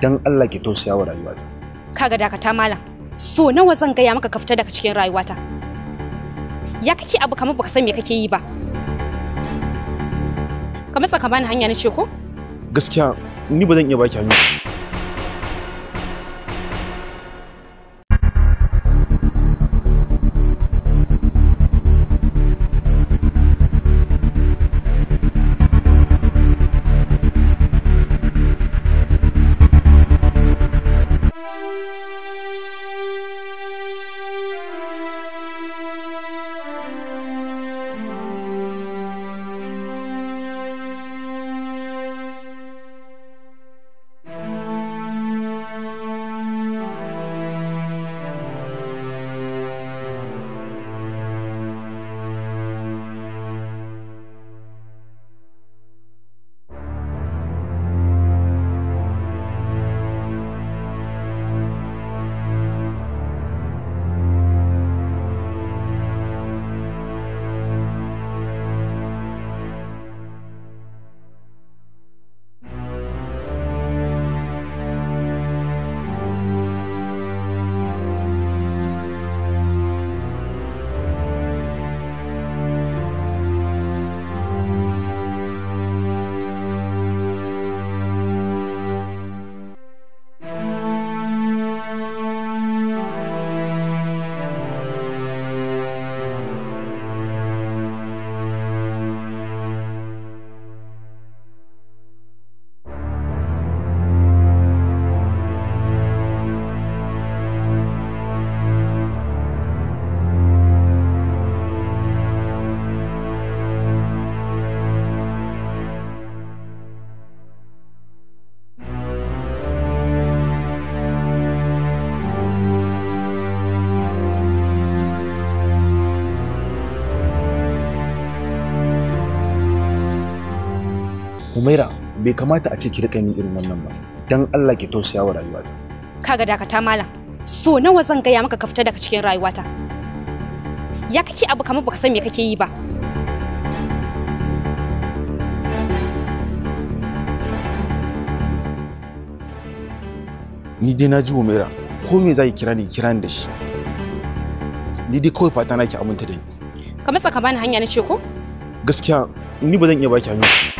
dan Allah ki tausaya wa rayuwata kaga dakata malam so nawa zan gaya maka ka fita daga cikin rayuwata ya kake abu kamar baka san me kake yi ba kamar tsaka bani hanya na ce ko gaskiya ni ba zan iya baki hanya Humaira bai kamata a ce ki rika yin irin wannan ba. Dan Allah ki tausaya wa rayuwata. Kaga dakata malam. So nawa zan gaya maka ka fita daga cikin rayuwata. Ya kake abu kamar baka san me kake yi ba. Ni dai na ji Humaira ko me zai kira ni kira ni da shi. Ni dai kawai fata na ki aminta da ni. Ka matsa ka bani hanya na ce ko? Gaskiya ni ba zan iya baki hanya.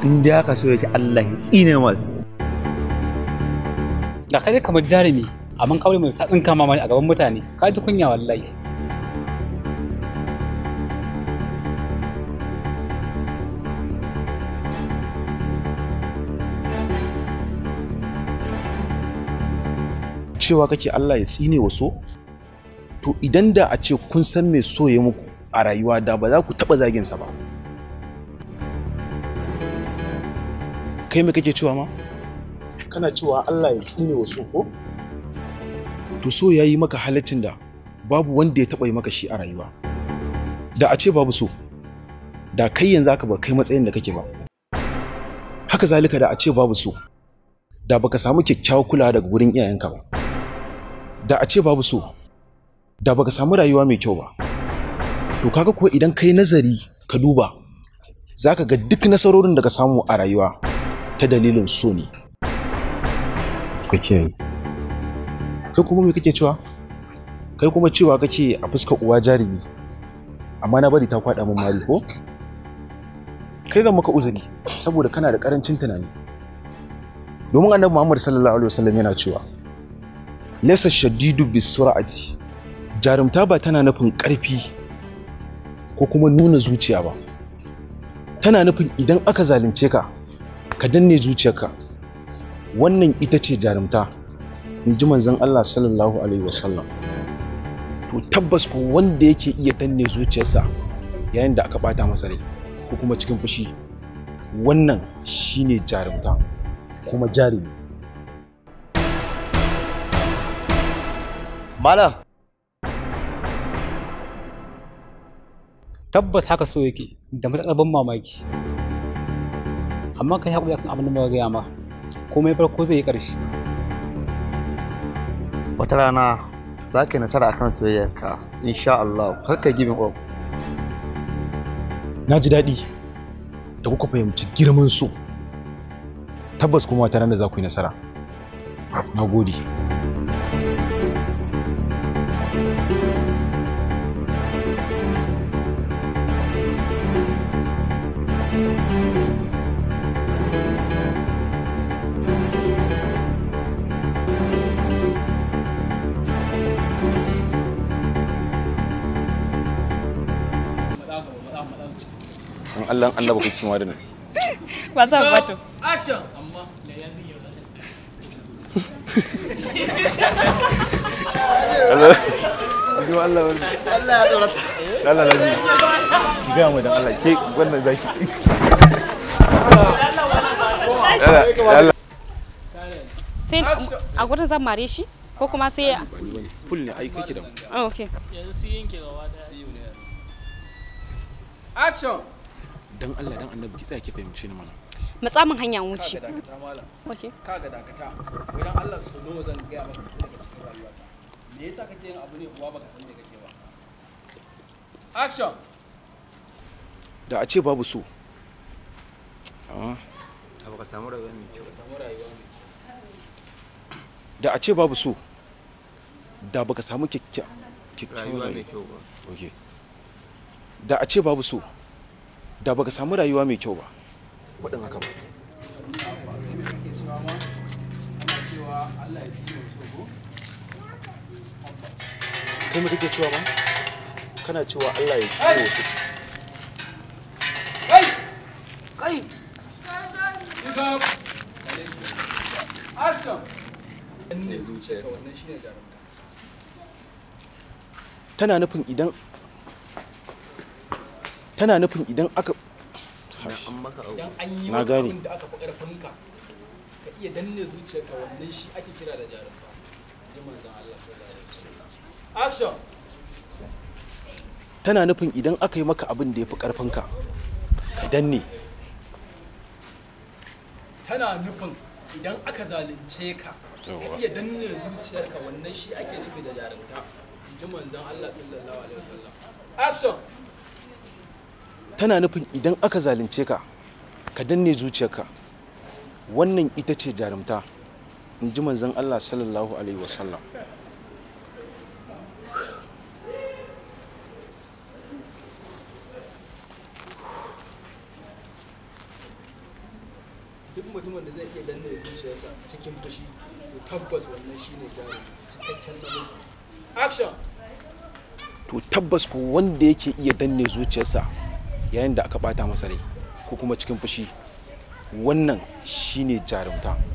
in da haka so yake Allah ya tsine masu da kai kamar jarumi amma kawai mai sa kama mamani a gaban mutane ka ji kunya wallahi cewa kake Allah ya tsine wasu, to idan da a ce kun san me so ya muku a rayuwa da ba za ku taɓa zaginsa ba kai me kake cewa ma kana cewa Allah ya tsine wa so ko to so yayi maka halaccin da babu wanda ya taba yi maka shi a rayuwa da a ce babu so da kai yanzu aka ba kai matsayin da kake ba haka zalika da a ce babu so da baka samu kyakkyawar kulawa daga gurin iyayenka ba da a ce babu so da baka samu rayuwa mai kyau ba to kaga kuwa idan kai nazari ka duba zaka ga duk nasarorin da ka samu a rayuwa ta dalilin so ne kake kai kuma me kake cewa kai kuma cewa kake a fuskar uwa jarumi amma na bari ta kwada min mari ko kai zan maka uzuri saboda kana da karancin tunani domin annabi Muhammad sallallahu alaihi wasallam yana cewa laysa shadidu bisur'ati jarumta ba tana nufin karfi ko kuma nuna zuciya ba tana nufin idan aka zalunce ka ka danne zuciyarka wannan ita ce jarumta in ji manzon Allah sallallahu alaihi wasallam to tabbas ko wanda yake iya danne zuciyarsa yayin da aka bata masa rai ko kuma cikin fushi wannan shine jarumta kuma jarumi malam tabbas haka so yake da matsalar ban mamaki amma ka yi haƙuri akan abin da muka gaya ma komai farko zai yi ƙarshe wata rana za ka yi nasara akan soyayyarka insha Allah kar ka gibin na ji daɗi da kuka fahimci girman su tabbas kuma wata rana za ku yi nasara na gode in Allah annaba da ba action amma Allah Allah ya Allah ki ga mu dan Allah ke wannan zaki Allah sai a gurin zan mare shi ko kuma sai ya full ne ai kake da oh, okay yanzu sai yanke gaba da action dan Allah dan annabi ki tsaya ki fahimce ni mana matsamin hanyar wuce kaga dakata malam okay kaga dakata idan Allah su zo zan ga maka daga cikin rayuwa me yasa kake yin abu ne uwa baka san me kake ba action da a ce babu so amma ah. baka samu rayuwa mai kyau samu rayuwa mai kyau da a ce babu so da baka samu kyakkyawa rayuwa mai kyau ba okay da a ce babu so da baka samu rayuwa mai kyau ba kuɗin haka ba kai kake cewa ba kana cewa Allah ya fi tsoro su kai kai tana nufin idan tana nufin idan aka na gane da aka fi ƙarfinka ka iya danne zuciyarka wannan shi ake kira da jarumta action tana nufin idan aka yi maka abin da ya fi ƙarfinka ka ka danne tana nufin idan aka zalunce ka ka iya danne zuciyar ka wannan shi ake nufi da jarumta ji manzon Allah sallallahu alaihi wasallam action tana nufin idan aka zalunce ka ka danne zuciyarka wannan ita ce jarumta in ji manzan Allah sallallahu alaihi wasallam duk mutumin da zai iya danne zuciyarsa cikin fushi to tabbas wannan shine cikakken action to tabbas ko wanda yake iya danne zuciyarsa yayin da aka bata masa rai ko kuma cikin fushi wannan shine jarumta